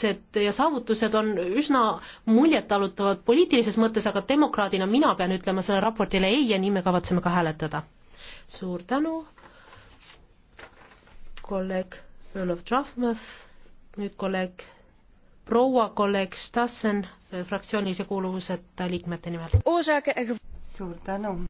saavutused ja saavutused on üsna muljetalutavad poliitilises mõttes, aga demokraadina mina pean ütlema sellele raportile ei ja nii me kavatseme ka hääletada. suur tänu, kolleeg Belov Trahmev, nüüd kolleeg proua kolleeg Stassen fraktsioonilise kuuluvuseta liikmete nimel. suur tänu.